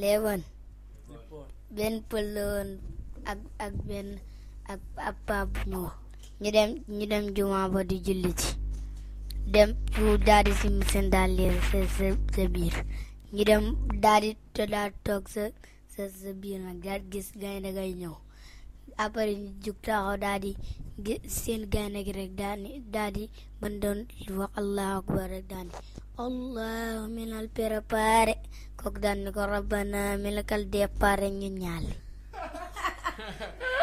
léewoon benn pël la ak ak benn ak ab paa bu ñu dem ñu dem ba di julli ci dem ñu daal di sim seen sa sa biir ñu dem daal di daal toog sa sa biir nag daal gis gaynde gay ñëw après ñu jug gis seen gaynde gi rek daal di daal di wax allahu akbar rek daal di allahu minal préparé foog daan ni ko rabbana mi kal départ ñu ñaal